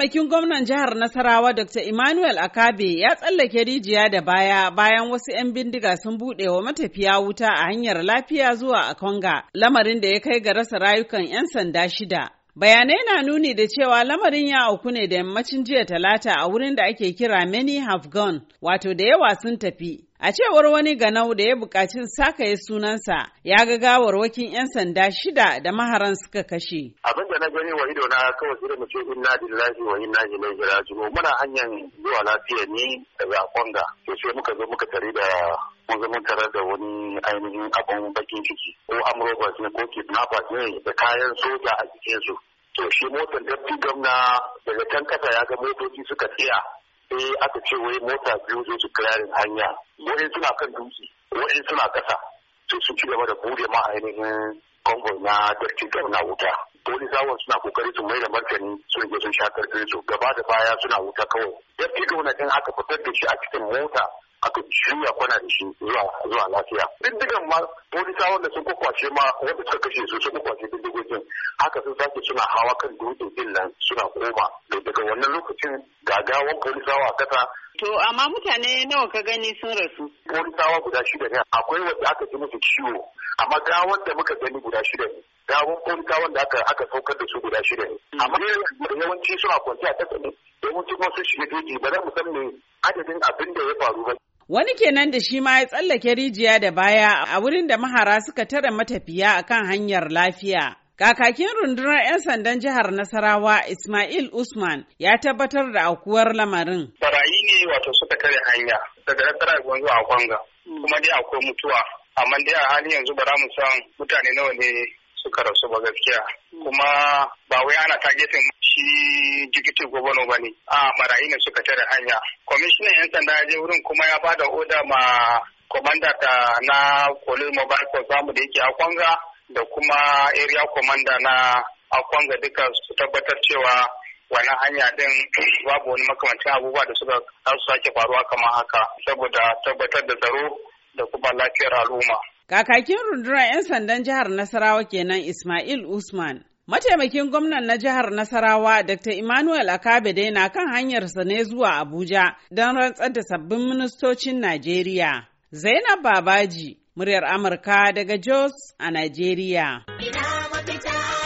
Mataimakin gwamnan jihar Nasarawa Dr. Emmanuel Akabe ya tsallake rijiya da baya bayan wasu 'yan bindiga sun buɗe wa matafiya wuta a hanyar lafiya zuwa konga lamarin da ya kai ga rasa rayukan 'yan sanda shida. Bayanai na nuni da cewa lamarin ya auku ne da yammacin jiya talata a wurin da ake kira Many Have Gone, wato da yawa sun tafi, A cewar wani ganau da ya bukaci sakaye sunansa ya ga gawarwakin 'yan sanda shida da maharan suka kashe. Abin da na gani wa ido na kawai sai da mace inna lillahi wa inna ilaihi raji'un. Muna hanyar zuwa lafiya ne daga Konga. To sai muka zo muka tare da mun zama tare da wani ainihin abin bakin ciki ko amurobas ne ko kidnappers ne da kayan soja a jikinsu. To shi motar da gwamna daga can kasa ya ga motoci suka tsaya sai aka ce wai mota biyu zai su kirarin hanya wani suna kan dutse wani suna kasa sai su ci gaba da bude ma ainihin kongo na da na wuta zawon suna kokari su mai da martani sun je sun sha karfin su gaba da baya suna wuta kawai darkin na din aka fitar da shi a cikin mota aka juya kwana da shi zuwa zuwa lafiya bindigan ma polisa wanda sun kwakwace ma wanda suka kashe su sun kwakwace diddigogin haka sun sake suna hawa kan dutse din nan suna koma daga wannan lokacin gagawan polisawa a kasa to amma mutane nawa ka gani sun rasu polisawa guda shida ne akwai wanda aka ji musu ciwo amma gawan da muka gani guda shida ne gawan polisawan da aka aka saukar da su guda shida ne amma yawanci suna kwanciya a kasa yawanci kuma sun shiga jeji ba za mu san me adadin abin da ya faru ba Wani kenan da shi ma ya tsallake rijiya da baya a wurin da mahara suka tare matafiya a kan hanyar lafiya. Kakakin rundunar 'yan sandan jihar Nasarawa Ismail Usman ya tabbatar da aukuwar lamarin. Barayi ne wato suka tare hanya daga Nasarawa gwanzu a Kwanga mm. kuma dai akwai mutuwa amma dai a halin yanzu bara mu san mutane nawa ne suka rasu ba gaskiya mm. kuma ba wai ana targetin shi jikiti gobano ba ne a marayi ne suka tare hanya kwamishinan yan sanda ya je wurin kuma ya bada oda ma komanda ta na kolin mobile ko zamu da yake a kwanga da kuma area komanda na a kwanga duka su tabbatar cewa wannan hanya din babu wani makamancin abubuwa da suka su sake faruwa kamar haka saboda tabbatar da tsaro da kuma lafiyar al'umma. Kakakin rundunar 'yan sandan jihar Nasarawa kenan Ismail Usman. Mataimakin gwamnan na jihar Nasarawa Dr. Emmanuel Akabede na kan hanyarsa ne zuwa Abuja don rantsar da sabbin ministocin Najeriya. Zainab Babaji, muryar Amurka daga Jos a Najeriya.